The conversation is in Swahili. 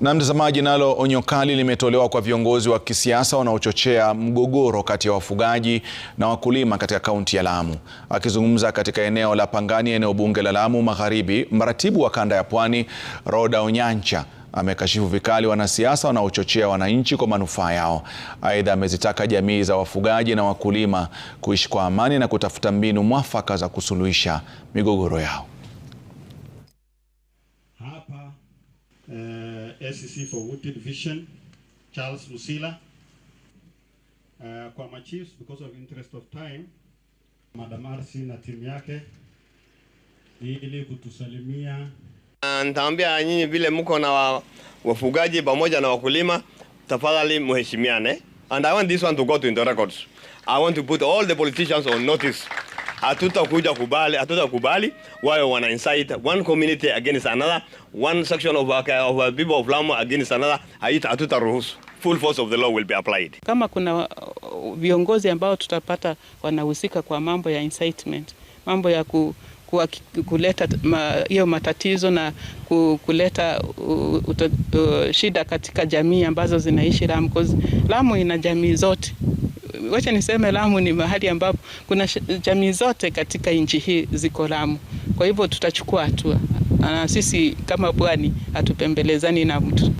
Na mtazamaji, nalo onyo kali limetolewa kwa viongozi wa kisiasa wanaochochea mgogoro kati ya wafugaji na wakulima katika kaunti ya Lamu. Akizungumza katika eneo la Pangani, eneo bunge la Lamu Magharibi, mratibu wa kanda ya Pwani Roda Onyancha amekashifu vikali wanasiasa wanaochochea wananchi kwa manufaa yao. Aidha, amezitaka jamii za wafugaji na wakulima kuishi kwa amani na kutafuta mbinu mwafaka za kusuluhisha migogoro yao. Hapa, eh... SEC for Woodfield Vision, Charles Musila. Uh, kwa machiefs, because of interest of time, Madam Arsi na timu yake ili kutusalimia. Nitaambia nyinyi vile mko na wa, wafugaji pamoja na wakulima, tafadhali muheshimiane. And I want this one to go to the records. I want to put all the politicians on notice hatutakubali kubali, hatutakubali wayo wana incite one community against another, one section of our of our people of Lamu against another. Hatutaruhusu. Full force of the law will be applied. Kama kuna uh, viongozi ambao tutapata wanahusika kwa mambo ya incitement, mambo ya ku kuwa, kuleta hiyo ma, matatizo na ku, kuleta uh, uto, uh, shida katika jamii ambazo zinaishi Lamu. Lamu ina jamii zote wacha niseme Lamu ni mahali ambapo kuna jamii zote katika nchi hii ziko Lamu. Kwa hivyo tutachukua hatua na sisi kama bwani hatupembelezani na mtu.